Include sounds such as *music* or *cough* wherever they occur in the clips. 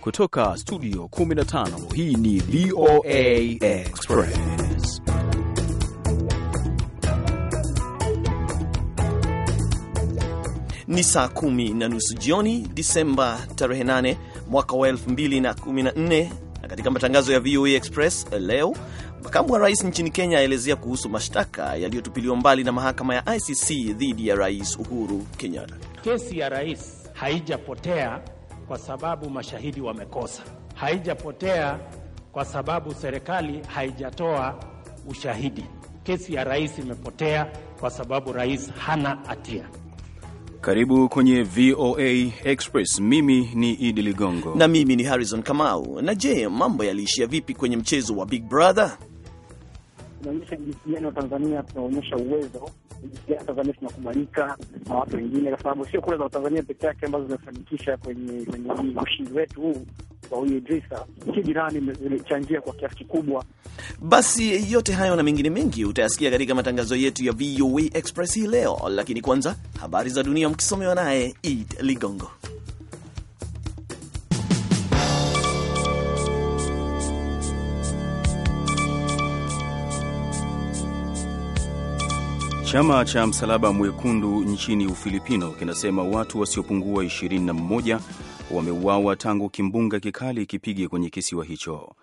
Kutoka studio 15 hii ni VOA Express. Ni saa kumi na nusu jioni Disemba tarehe 8 mwaka wa 2014 na katika matangazo ya VOA Express leo Makamu wa rais nchini Kenya aelezea kuhusu mashtaka yaliyotupiliwa mbali na mahakama ya ICC dhidi ya Rais Uhuru Kenyatta. Kesi ya rais haijapotea kwa sababu mashahidi wamekosa, haijapotea kwa sababu serikali haijatoa ushahidi. Kesi ya rais imepotea kwa sababu rais hana hatia. Karibu kwenye VOA Express. Mimi ni Idi Ligongo na mimi ni Harrison Kamau. Na je, mambo yaliishia vipi kwenye mchezo wa Big Brother? tunaonyesha jinsi gani Watanzania tunaonyesha uwezo, jinsi gani Tanzania tunakubalika na watu wengine, kwa sababu sio kura za Watanzania peke yake ambazo zimefanikisha kwenye kwenye ushindi wetu huu wa huyu Idrisa, nchi jirani zimechangia kwa kiasi kikubwa. Basi yote hayo na mengine mengi utayasikia katika matangazo yetu ya VOA Express hii leo, lakini kwanza habari za dunia mkisomewa naye Ed Ligongo. Chama cha Msalaba Mwekundu nchini Ufilipino kinasema watu wasiopungua 21 wameuawa tangu kimbunga kikali kipige kwenye kisiwa hicho.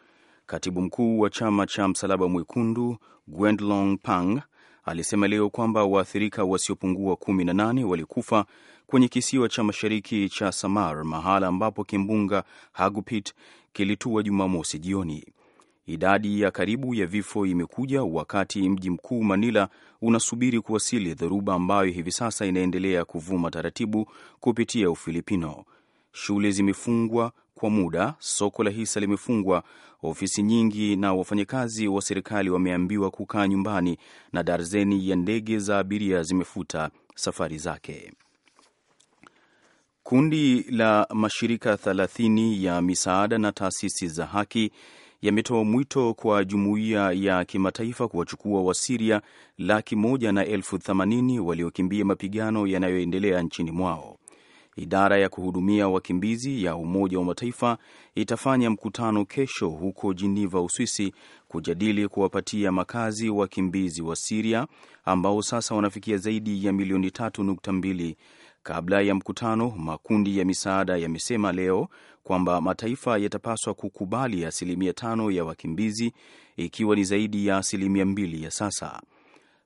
Katibu mkuu wa chama cha Msalaba Mwekundu gwendlong Pang alisema leo kwamba waathirika wasiopungua 18 walikufa kwenye kisiwa cha mashariki cha Samar, mahala ambapo kimbunga Hagupit kilitua Jumamosi jioni. Idadi ya karibu ya vifo imekuja wakati mji mkuu Manila unasubiri kuwasili dhoruba ambayo hivi sasa inaendelea kuvuma taratibu kupitia Ufilipino. Shule zimefungwa kwa muda, soko la hisa limefungwa, ofisi nyingi na wafanyakazi wa serikali wameambiwa kukaa nyumbani, na darzeni ya ndege za abiria zimefuta safari zake. Kundi la mashirika 30 ya misaada na taasisi za haki yametoa mwito kwa jumuiya ya kimataifa kuwachukua Wasiria laki moja na elfu themanini waliokimbia mapigano yanayoendelea nchini mwao. Idara ya kuhudumia wakimbizi ya Umoja wa Mataifa itafanya mkutano kesho huko Jiniva, Uswisi, kujadili kuwapatia makazi wakimbizi wa Siria ambao sasa wanafikia zaidi ya milioni tatu nukta mbili Kabla ya mkutano, makundi ya misaada yamesema leo kwamba mataifa yatapaswa kukubali asilimia tano ya wakimbizi, ikiwa ni zaidi ya asilimia mbili ya sasa.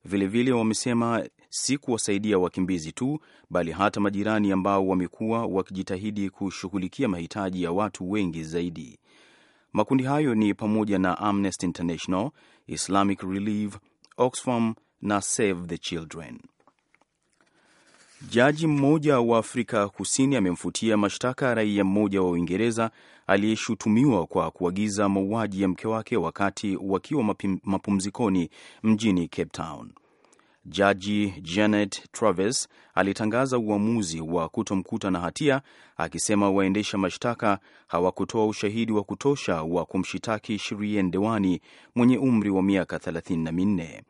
Vilevile wamesema si kuwasaidia wakimbizi tu, bali hata majirani ambao wamekuwa wakijitahidi kushughulikia mahitaji ya watu wengi zaidi. Makundi hayo ni pamoja na Amnesty International, Islamic Relief, Oxfam na Save the Children. Jaji mmoja wa Afrika Kusini amemfutia mashtaka raia mmoja wa Uingereza aliyeshutumiwa kwa kuagiza mauaji ya mke wake wakati wakiwa mapumzikoni mjini Cape Town. Jaji Janet Traves alitangaza uamuzi wa kutomkuta na hatia akisema waendesha mashtaka hawakutoa ushahidi wa kutosha wa kumshitaki Shirien Dewani mwenye umri wa miaka 34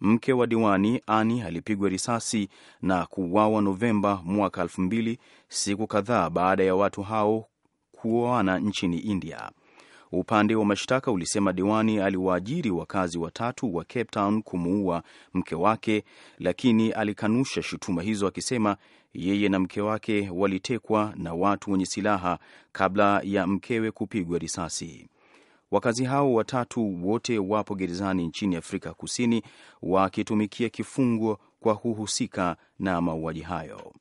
mke wa diwani Ani alipigwa risasi na kuuawa Novemba mwaka elfu mbili, siku kadhaa baada ya watu hao kuoana nchini India. Upande wa mashtaka ulisema diwani aliwaajiri wakazi watatu wa Cape Town kumuua mke wake, lakini alikanusha shutuma hizo, akisema yeye na mke wake walitekwa na watu wenye silaha kabla ya mkewe kupigwa risasi. Wakazi hao watatu wote wapo gerezani nchini Afrika Kusini wakitumikia kifungo kwa kuhusika na mauaji hayo.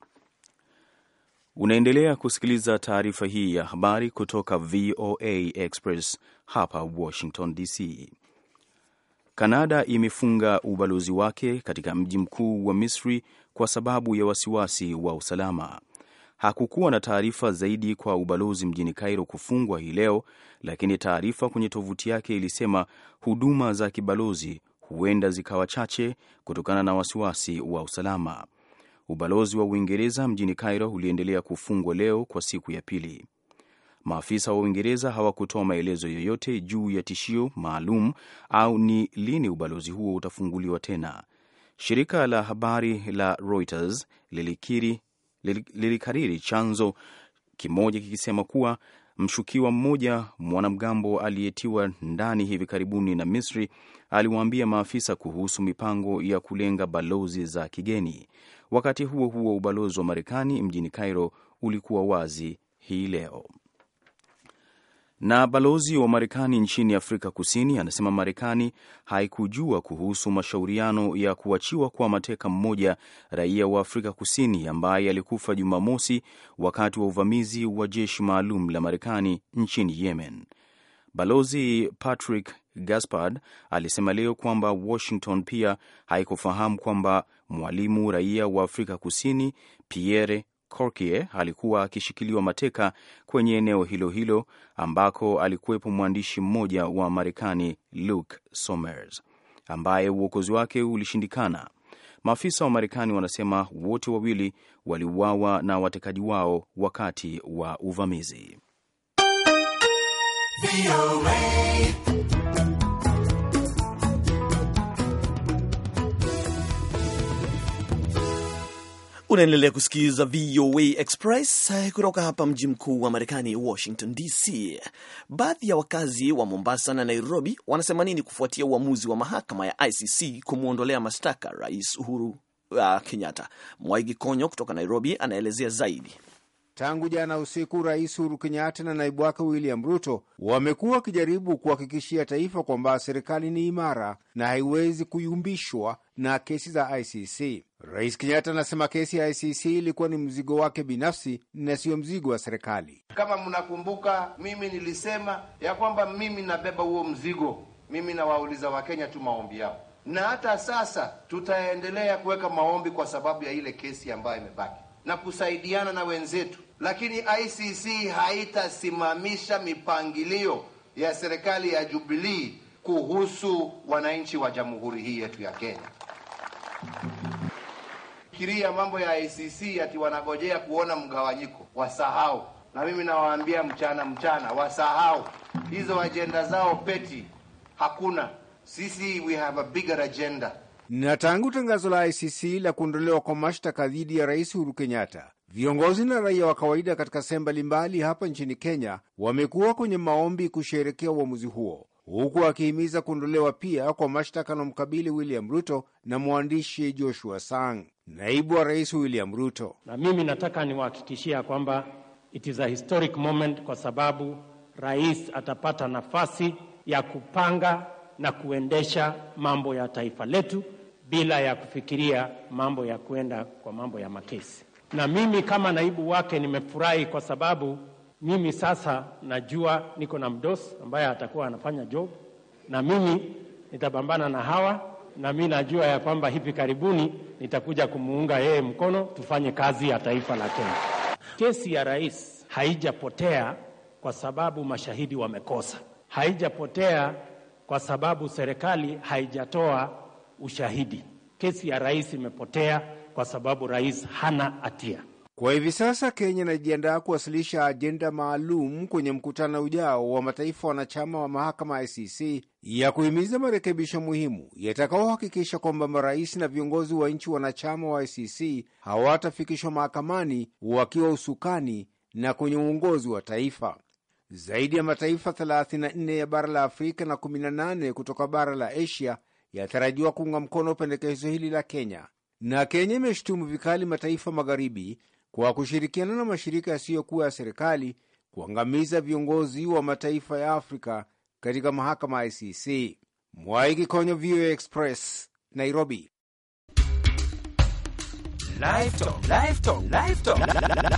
Unaendelea kusikiliza taarifa hii ya habari kutoka VOA Express hapa Washington DC. Kanada imefunga ubalozi wake katika mji mkuu wa Misri kwa sababu ya wasiwasi wa usalama. Hakukuwa na taarifa zaidi kwa ubalozi mjini Cairo kufungwa hii leo, lakini taarifa kwenye tovuti yake ilisema huduma za kibalozi huenda zikawa chache kutokana na wasiwasi wa usalama. Ubalozi wa Uingereza mjini Cairo uliendelea kufungwa leo kwa siku ya pili. Maafisa wa Uingereza hawakutoa maelezo yoyote juu ya tishio maalum au ni lini ubalozi huo utafunguliwa tena. Shirika la habari la Reuters lilikiri lilikariri chanzo kimoja kikisema kuwa mshukiwa mmoja mwanamgambo aliyetiwa ndani hivi karibuni na Misri aliwaambia maafisa kuhusu mipango ya kulenga balozi za kigeni. Wakati huo huo, ubalozi wa Marekani mjini Cairo ulikuwa wazi hii leo. Na balozi wa Marekani nchini Afrika Kusini anasema Marekani haikujua kuhusu mashauriano ya kuachiwa kwa mateka mmoja raia wa Afrika Kusini ambaye alikufa Jumamosi wakati wa uvamizi wa jeshi maalum la Marekani nchini Yemen. Balozi Patrick Gaspard alisema leo kwamba Washington pia haikufahamu kwamba mwalimu raia wa Afrika Kusini Pierre Corkie alikuwa akishikiliwa mateka kwenye eneo hilo hilo ambako alikuwepo mwandishi mmoja wa Marekani Luke Somers ambaye uokozi wake ulishindikana. Maafisa wa Marekani wanasema wote wawili waliuawa na watekaji wao wakati wa uvamizi. Unaendelea kusikiliza VOA Express eh, kutoka hapa mji mkuu wa Marekani, Washington DC. Baadhi ya wakazi wa Mombasa na Nairobi wanasema nini kufuatia uamuzi wa mahakama ya ICC kumwondolea mashtaka Rais Uhuru uh, Kenyatta? Mwaigi Konyo kutoka Nairobi anaelezea zaidi. Tangu jana usiku, Rais Uhuru Kenyatta na naibu wake William Ruto wamekuwa wakijaribu kuhakikishia taifa kwamba serikali ni imara na haiwezi kuyumbishwa na kesi za ICC. Rais Kenyatta anasema kesi ya ICC ilikuwa ni mzigo wake binafsi na siyo mzigo wa serikali. Kama mnakumbuka, mimi nilisema ya kwamba mimi nabeba huo mzigo, mimi nawauliza Wakenya tu maombi yao, na hata sasa tutaendelea kuweka maombi kwa sababu ya ile kesi ambayo imebaki na kusaidiana na wenzetu lakini ICC haitasimamisha mipangilio ya serikali ya Jubilee kuhusu wananchi wa jamhuri hii yetu ya Kenya. Fikiria mambo ya ICC ati wanagojea kuona mgawanyiko, wasahau. Na mimi nawaambia mchana mchana, wasahau hizo ajenda zao peti, hakuna. Sisi we have a bigger agenda. Na tangu tangazo la ICC la kuondolewa kwa mashtaka dhidi ya Rais Uhuru Kenyatta Viongozi na raia wa kawaida katika sehemu mbalimbali hapa nchini Kenya wamekuwa kwenye maombi kusherekea uamuzi huo huku akihimiza kuondolewa pia kwa mashtaka mkabili William Ruto na mwandishi Joshua Sang, naibu wa rais William Ruto. Na mimi nataka niwahakikishia kwamba it is a historic moment, kwa sababu rais atapata nafasi ya kupanga na kuendesha mambo ya taifa letu bila ya kufikiria mambo ya kuenda kwa mambo ya makesi na mimi kama naibu wake nimefurahi kwa sababu mimi sasa najua niko na mdos ambaye atakuwa anafanya job, na mimi nitapambana na hawa, na mimi najua ya kwamba hivi karibuni nitakuja kumuunga yeye mkono, tufanye kazi ya taifa la Kenya. Kesi ya rais haijapotea kwa sababu mashahidi wamekosa, haijapotea kwa sababu serikali haijatoa ushahidi. Kesi ya rais imepotea kwa sababu rais hana hatia. Kwa hivi sasa Kenya inajiandaa kuwasilisha ajenda maalum kwenye mkutano ujao wa mataifa wanachama wa mahakama ya ICC ya kuhimiza marekebisho muhimu yatakaohakikisha kwamba marais na viongozi wa nchi wanachama wa ICC hawatafikishwa mahakamani wakiwa usukani na kwenye uongozi wa taifa. Zaidi ya mataifa 34 ya bara la Afrika na 18 kutoka bara la Asia yatarajiwa kuunga mkono pendekezo hili la Kenya na Kenya imeshutumu vikali mataifa magharibi kwa kushirikiana na mashirika yasiyokuwa ya serikali kuangamiza viongozi wa mataifa ya Afrika katika mahakama ya ICC. Mwaiki Konyo, VOA Express, Nairobi.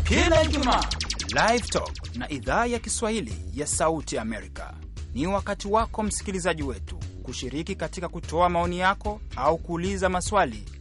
Kila Ijumaa Live Talk na idhaa ya Kiswahili ya Sauti Amerika ni wakati wako msikilizaji wetu kushiriki katika kutoa maoni yako au kuuliza maswali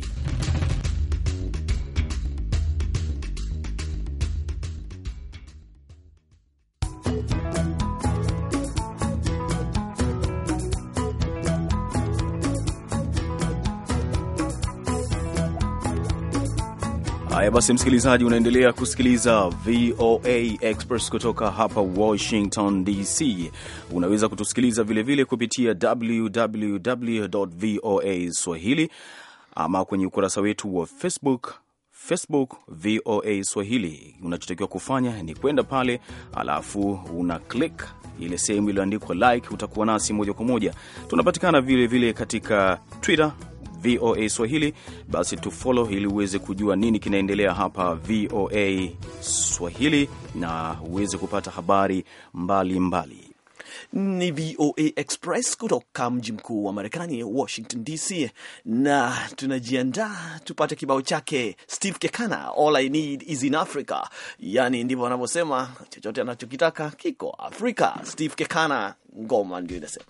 Haya basi, msikilizaji, unaendelea kusikiliza VOA Express kutoka hapa Washington DC. Unaweza kutusikiliza vilevile kupitia www voa swahili ama kwenye ukurasa wetu wa Facebook, Facebook VOA Swahili. Unachotakiwa kufanya ni kwenda pale, alafu una click ile sehemu iliyoandikwa like, utakuwa nasi moja kwa moja. Tunapatikana vilevile katika Twitter VOA Swahili, basi tufolo ili uweze kujua nini kinaendelea hapa VOA Swahili na uweze kupata habari mbalimbali mbali. Ni VOA Express kutoka mji mkuu wa Marekani, Washington DC, na tunajiandaa tupate kibao chake Steve Kekana, All I Need Is in Africa. Yaani ndivyo wanavyosema, chochote anachokitaka kiko Afrika. Steve Kekana, ngoma ndio inasema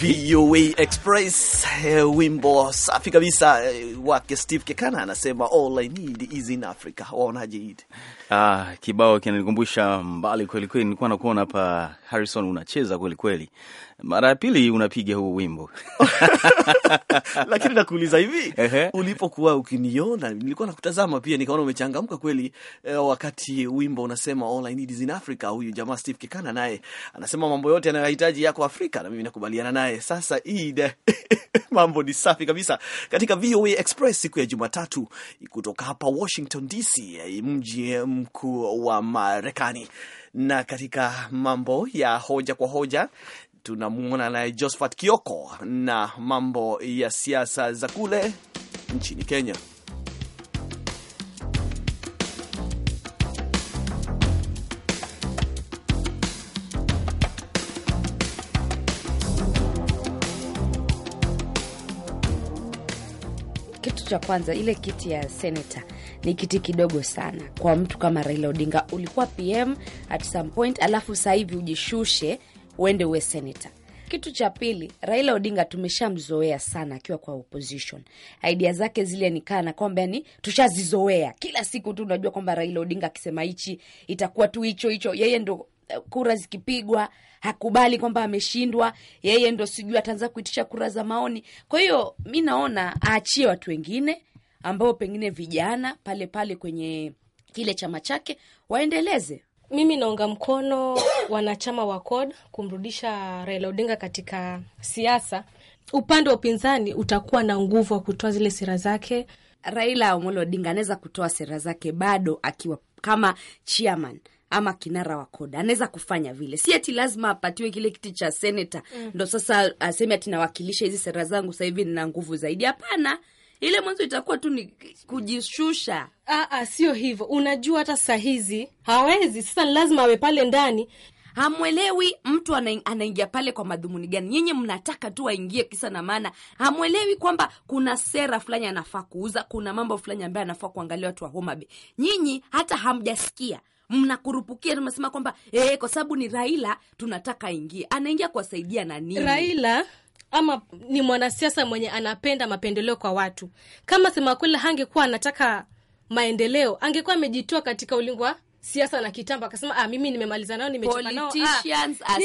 VOA Express, eh, wimbo safi kabisa eh, wake Steve Kekana anasema all I need is in Africa. Waonaje hili? Ah, kibao kinanikumbusha mbali kweli kweli, nilikuwa nakuona hapa Harrison, unacheza kweli kweli, mara ya pili unapiga huu wimbo *laughs* lakini nakuuliza hivi, ulipokuwa ukiniona nilikuwa nakutazama pia, nikaona umechangamka kweli eh, wakati wimbo unasema all I need is in Africa. Huyu jamaa Steve Kikana naye anasema mambo yote anayohitaji yako Afrika, na mimi nakubaliana naye. Sasa Id *laughs* mambo ni safi kabisa katika VOA Express siku ya Jumatatu kutoka hapa Washington DC, mji mkuu wa Marekani na katika mambo ya hoja kwa hoja tunamwona naye Josphat Kioko na mambo ya siasa za kule nchini Kenya. kitu cha kwanza, ile kiti ya seneta ni kiti kidogo sana kwa mtu kama Raila Odinga. Ulikuwa PM at some point, alafu sasa hivi ujishushe uende uwe seneta. Kitu cha pili, Raila Odinga tumeshamzoea sana akiwa kwa opposition. Idea zake zile nikana kwamba yani tushazizoea kila siku tu, unajua kwamba Raila Odinga akisema hichi itakuwa tu hicho hicho, yeye ndo kura zikipigwa hakubali kwamba ameshindwa, yeye ndo sijui ataanza kuitisha kura za maoni. Kwa hiyo mi naona aachie watu wengine ambao pengine vijana pale pale kwenye kile chama chake waendeleze. Mimi naunga mkono *coughs* wanachama wa CORD kumrudisha Raila Odinga katika siasa. Upande wa upinzani utakuwa na nguvu wa kutoa zile sera zake. Raila Amolo Odinga anaweza kutoa sera zake bado akiwa kama chairman ama kinara wa koda anaweza kufanya vile, si ati lazima apatiwe kile kiti cha seneta mm. ndo sasa aseme ati nawakilisha hizi sera zangu sasa hivi nina nguvu zaidi. Hapana, ile mwanzo itakuwa tu ni kujishusha. Aa, ah, ah, sio hivyo. Unajua hata saa hizi hawezi, sasa ni lazima awe pale ndani. Hamwelewi mtu anaingia pale kwa madhumuni gani? Nyinyi mnataka tu aingie kisa na maana, hamwelewi kwamba kuna sera fulani anafaa kuuza, kuna mambo fulani ambayo anafaa kuangalia watu wa Homa Nyinyi hata hamjasikia mnakurupukia, tunasema kwamba eh, kwa sababu ni Raila tunataka ingia Anaingia kuwasaidia na nini? Raila ama ni mwanasiasa mwenye anapenda mapendeleo kwa watu. Kama sema kweli, hangekuwa anataka maendeleo, angekuwa amejitoa katika ulingo wa siasa na kitambo, akasema ah, mimi nimemaliza nao, nimechoka ah,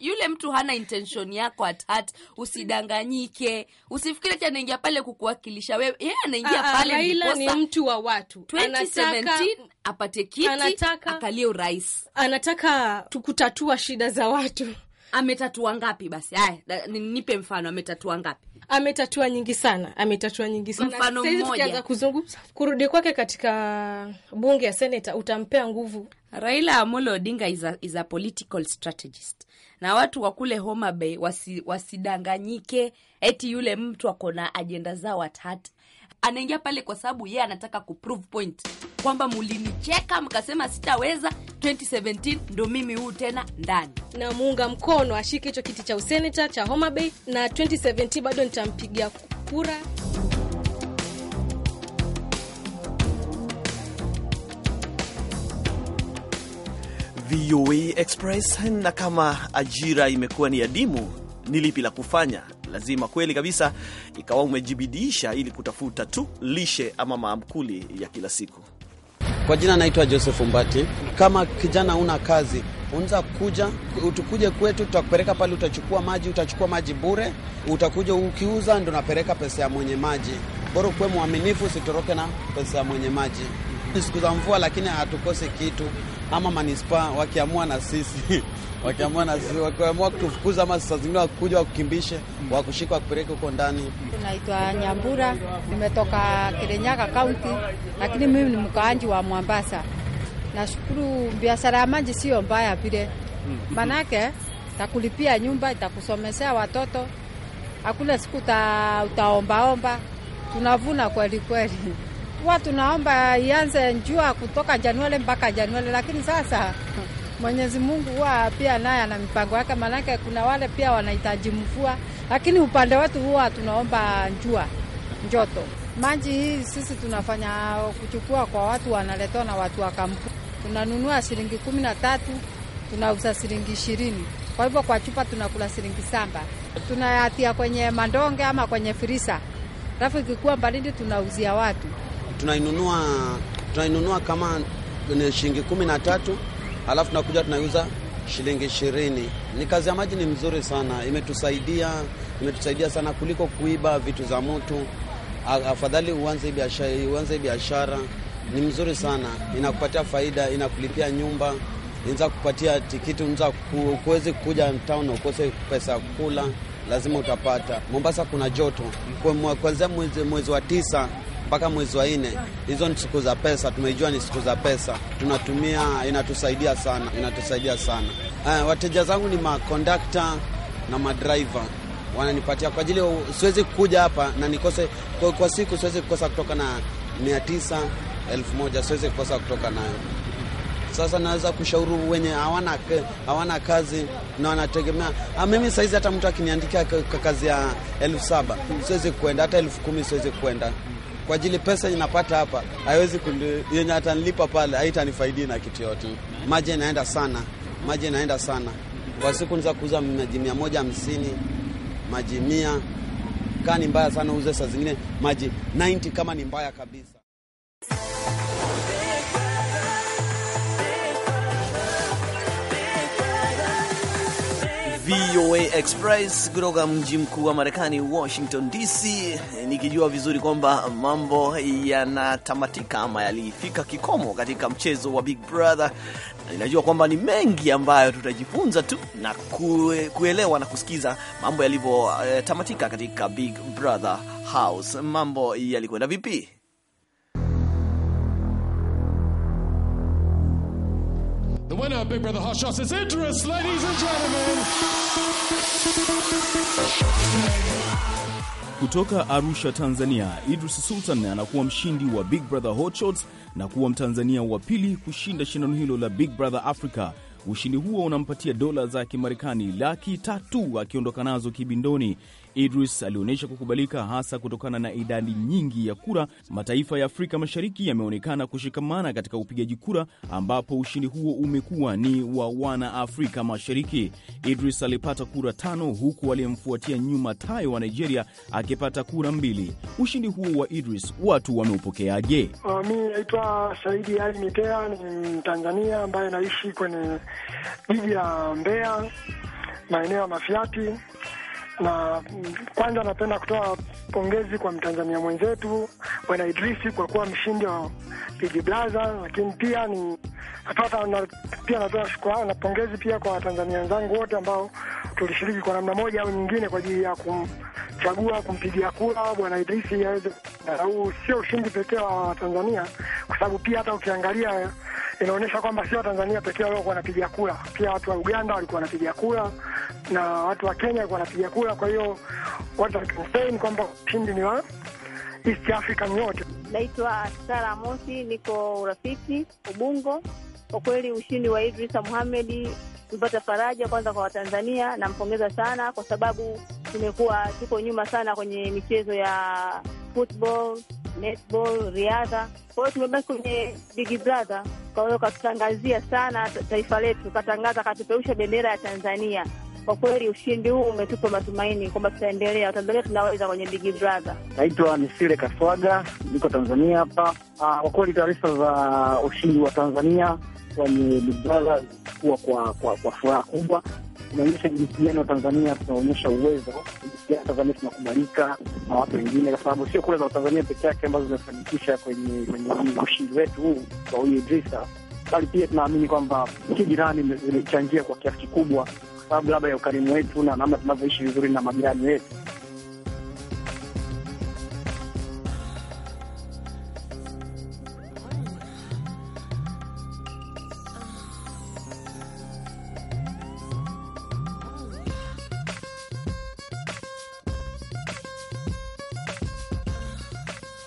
Yule mtu hana intention yako at heart, usidanganyike, usifikiri ati anaingia pale kukuwakilisha wewe. Yeye anaingia ah, ah, pale, Raila ni mtu wa watu, anataka apate kiti, akalie urais, anataka tukutatua shida za watu ametatua ngapi? Basi haya, nipe mfano, ametatua ngapi? Ametatua nyingi sana, ametatua nyingi sana. kuzungumza kurudi kwake katika bunge ya seneta, utampea nguvu. Raila Amolo Odinga is a, is a political strategist, na watu wa kule Homa Bay wasidanganyike, wasi eti yule mtu akona ajenda zao atatu anaingia pale kwa sababu yeye anataka kuprove point kwamba mulinicheka mkasema sitaweza 2017 ndo mimi huu tena ndani. Na muunga mkono ashike hicho kiti cha useneta cha Homa Bay, na 2017 bado nitampigia kura. VOA Express. Na kama ajira imekuwa ni adimu, ni lipi la kufanya? lazima kweli kabisa ikawa umejibidisha ili kutafuta tu lishe ama maamkuli ya kila siku. Kwa jina naitwa Joseph Mbati. Kama kijana una kazi unza kuja utukuje kwetu, tutakupeleka pale, utachukua maji, utachukua maji bure, utakuja ukiuza, ndo napeleka pesa ya mwenye maji. Bora ukuwe mwaminifu, usitoroke na pesa ya mwenye maji. Siku za mvua, lakini hatukosi kitu ama manispaa wakiamua na sisi *laughs* wakiamua kutufukuza ama saa zingine wakuja wakukimbishe, wakushika wakupeleke huko ndani. Naitwa Nyambura, nimetoka Kirinyaga Kaunti, lakini mimi ni mkaanji wa Mwambasa. Nashukuru biashara ya maji sio mbaya vile, hmm. manake takulipia nyumba, itakusomesea watoto, hakuna siku utaombaomba. Tunavuna kweli kweli huwa tunaomba ianze njua kutoka Januari mpaka Januari, lakini sasa Mwenyezi Mungu huwa pia naye ana mipango yake, maanake kuna wale pia wanahitaji mvua, lakini upande wetu huwa tunaomba njua njoto maji. Hii sisi tunafanya kuchukua kwa watu, wanaletwa na watu wa kampuni, tunanunua shilingi kumi na tatu tunauza shilingi ishirini. Kwa hivyo kwa chupa tunakula shilingi samba, tunayatia kwenye mandonge ama kwenye firisa, alafu ikikuwa baridi tunauzia watu. Tunainunua tunainunua kama shilingi kumi na tatu alafu tunakuja tunauza shilingi ishirini. Ni kazi ya maji, ni mzuri sana, imetusaidia imetusaidia sana kuliko kuiba vitu za mtu. Afadhali uanze biashara, uanze biashara ni mzuri sana, inakupatia faida, inakulipia nyumba, inza kupatia tikiti, unza kuwezi kuja town ukose pesa kula, lazima utapata. Mombasa kuna joto kuanzia mwezi, mwezi wa tisa mpaka mwezi wa nne. Hizo ni siku za pesa, tumejua ni siku za pesa, tunatumia inatusaidia sana, inatusaidia sana. Uh, wateja zangu ni makondakta na madriver wananipatia kwa ajili, siwezi kuja hapa na nikose kwa, kwa siku siwezi kukosa kutoka na mia tisa elfu moja siwezi kukosa kutoka nayo. Sasa naweza kushauri wenye hawana hawana kazi na wanategemea ah, mimi. Saizi hata mtu akiniandikia kazi ya elfu saba siwezi kuenda, hata elfu kumi siwezi kuenda kwa ajili pesa inapata hapa haiwezi yenye atanilipa pale haitanifaidi na kitu yote. Maji inaenda sana, maji inaenda sana. Kwa siku niza kuuza maji mia moja hamsini maji mia kaa ni mbaya sana uze saa zingine maji 90 kama ni mbaya kabisa. VOA Express kutoka mji mkuu wa Marekani, Washington DC, nikijua vizuri kwamba mambo yanatamatika ama yalifika kikomo katika mchezo wa Big Brother. Ninajua kwamba ni mengi ambayo tutajifunza tu na kue, kuelewa na kusikiza mambo yalivyotamatika eh, katika Big Brother House. Mambo yalikwenda vipi? winner of Big Brother Hot Shots is Idris, ladies and gentlemen. Kutoka Arusha, Tanzania, Idris Sultan anakuwa mshindi wa Big Brother Hot Shots na kuwa Mtanzania wa pili kushinda shindano hilo la Big Brother Africa. Ushindi huo unampatia dola za Kimarekani laki tatu akiondoka nazo kibindoni. Idris alionyesha kukubalika hasa kutokana na idadi nyingi ya kura. Mataifa ya Afrika Mashariki yameonekana kushikamana katika upigaji kura, ambapo ushindi huo umekuwa ni wa wana Afrika Mashariki. Idris alipata kura tano huku aliyemfuatia nyuma Tayo wa Nigeria akipata kura mbili. Ushindi huo wa Idris watu wameupokeaje? Ah, mi naitwa Saidi Ali Mitea, ni Mtanzania ambaye naishi kwenye jiji la Mbeya, maeneo ya mafiati na mm, kwanza napenda kutoa pongezi kwa Mtanzania mwenzetu Bwana Idrisi kwa kuwa mshindi wa Big Brother, lakini pia ni natota, na, pia natoa shukrani na pongezi pia kwa Watanzania wenzangu wote ambao tulishiriki kwa namna moja au nyingine kwa ajili ya kumchagua kumpigia kura Bwana Idrisi aweze. Huu sio ushindi pekee wa Watanzania kwa sababu pia hata ukiangalia inaonyesha kwamba sio Watanzania pekee waliokuwa wanapiga kura, pia watu wa Uganda walikuwa wanapiga kura na watu wa Kenya wanapiga kura. Kwa hiyo watu Spain kwamba ushindi ni wa East African yote. Naitwa Sara Mosi, niko urafiki Ubungo. Kwa kweli ushindi wa Idrisa Muhamedi tupata faraja kwanza kwa Watanzania, nampongeza sana kwa sababu tumekuwa tuko nyuma sana kwenye michezo ya football, netball, riadha. Kwa hiyo tumebaki kwenye Big Brother, kwa hiyo katutangazia sana taifa letu, katangaza, katupeusha bendera ya Tanzania. Kwa kweli ushindi huu umetupa matumaini kwamba tutaendelea, tutaendelea, tunaweza kwenye Big Brother. Naitwa Nisile Kaswaga, niko Tanzania hapa. Ah, kwa kweli taarifa za ushindi wa Tanzania kwenye Big Brother kuwa kwa, kwa, kwa furaha kubwa unaonyesha jinsi gani Watanzania tunaonyesha uwezo, jinsi gani Tanzania tunakubalika na watu wengine, kwa sababu sio kura za Watanzania peke yake ambazo zimefanikisha kwenye kwenye ushindi wetu huu kwa huyu Idrisa, bali pia tunaamini kwamba nchi jirani zimechangia kwa kiasi kikubwa sababu labda ya ukarimu wetu na namna tunavyoishi vizuri na majirani wetu.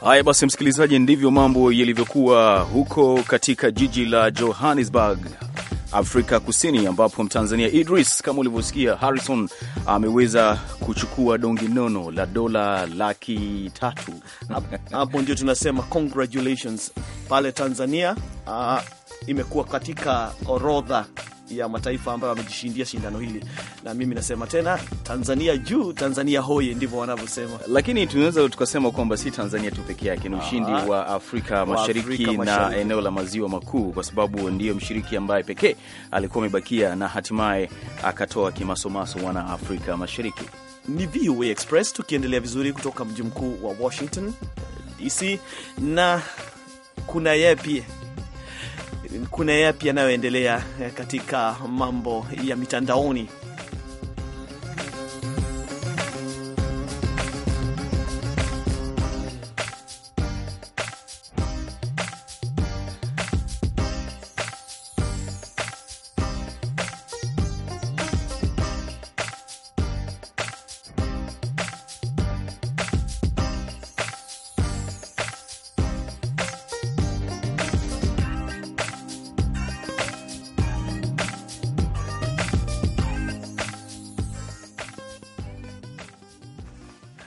Haya basi, msikilizaji, ndivyo mambo yalivyokuwa huko katika jiji la Johannesburg Afrika Kusini, ambapo Mtanzania Idris, kama ulivyosikia Harrison, ameweza kuchukua dongi nono la dola laki tatu. *laughs* Hapo ndio tunasema congratulations pale Tanzania. Uh, imekuwa katika orodha ya mataifa ambayo amejishindia shindano hili, na mimi nasema tena Tanzania juu, Tanzania hoye, ndivyo wanavyosema. Lakini tunaweza tukasema kwamba si Tanzania tu peke yake, ni ah, ushindi wa Afrika Mashariki na Mashariki, eneo la maziwa makuu, kwa sababu ndiyo mshiriki ambaye pekee alikuwa amebakia na hatimaye akatoa kimasomaso wana Afrika Mashariki. Ni VOA Express tukiendelea vizuri kutoka mji mkuu wa Washington DC, na kuna yepi kuna yapi yanayoendelea eh, katika mambo ya mitandaoni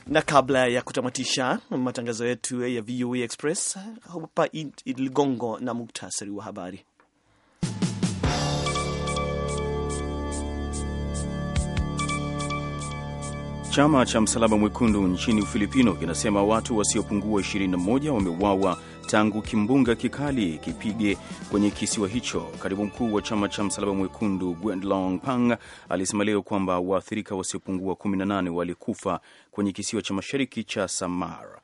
na kabla ya kutamatisha matangazo yetu ya VOA Express hapa Ligongo na muktasari wa habari. Chama cha Msalaba Mwekundu nchini Ufilipino kinasema watu wasiopungua 21 wameuawa tangu kimbunga kikali kipige kwenye kisiwa hicho. Katibu mkuu wa chama cha Msalaba Mwekundu Gwendlong Pang alisema leo kwamba waathirika wasiopungua 18 walikufa kwenye kisiwa cha mashariki cha Samar.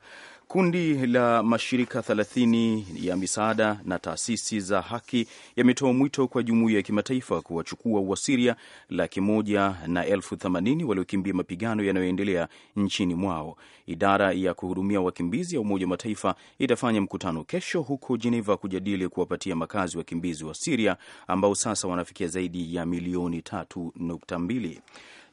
Kundi la mashirika 30 ya misaada na taasisi za haki yametoa mwito kwa jumuiya ya kimataifa kuwachukua Wasiria laki moja na elfu themanini waliokimbia mapigano yanayoendelea nchini mwao. Idara ya kuhudumia wakimbizi ya Umoja wa Mataifa itafanya mkutano kesho huko Jeneva kujadili kuwapatia makazi wakimbizi wa Siria ambao sasa wanafikia zaidi ya milioni 3.2.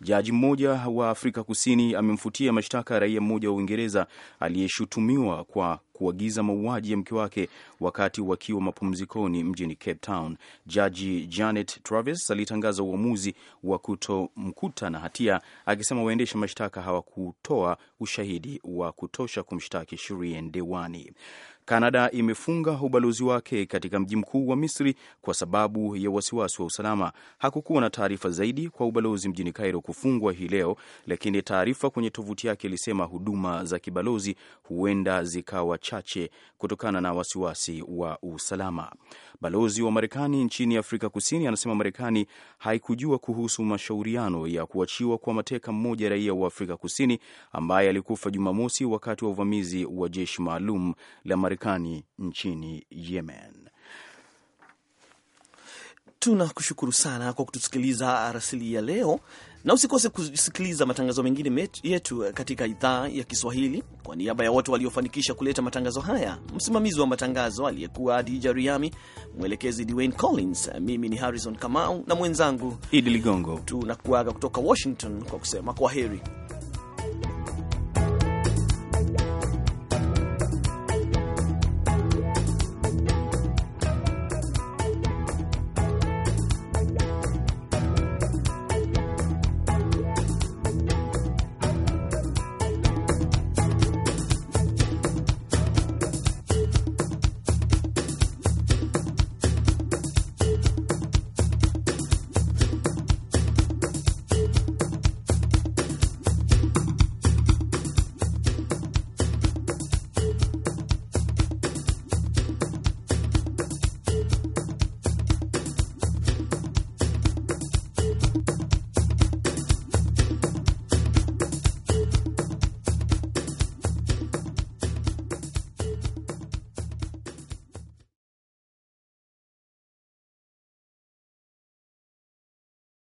Jaji mmoja wa Afrika Kusini amemfutia mashtaka raia mmoja wa Uingereza aliyeshutumiwa anatuhumiwa kwa kuagiza mauaji ya mke wake wakati wakiwa mapumzikoni mjini Cape Town. Jaji Janet Travis alitangaza uamuzi wa kutomkuta na hatia, akisema waendesha mashtaka hawakutoa ushahidi wa kutosha kumshtaki Shireen Dewani. Kanada imefunga ubalozi wake katika mji mkuu wa Misri kwa sababu ya wasiwasi wa usalama. Hakukuwa na taarifa zaidi kwa ubalozi mjini Cairo kufungwa hii leo, lakini taarifa kwenye tovuti yake ilisema huduma za kibalozi huenda zikawa chache kutokana na wasiwasi wa usalama. Balozi wa Marekani nchini Afrika Kusini anasema Marekani haikujua kuhusu mashauriano ya kuachiwa kwa mateka mmoja raia wa Afrika Kusini ambaye alikufa Jumamosi wakati wa uvamizi wa jeshi maalum la Marekani Marekani nchini Yemen. Tunakushukuru sana kwa kutusikiliza rasili ya leo, na usikose kusikiliza matangazo mengine yetu katika idhaa ya Kiswahili. Kwa niaba ya wote waliofanikisha kuleta matangazo haya, msimamizi wa matangazo aliyekuwa Adija Riami, mwelekezi Dwayne Collins, mimi ni Harrison Kamau na mwenzangu Idi Ligongo, tunakuaga kutoka Washington kwa kusema kwa heri.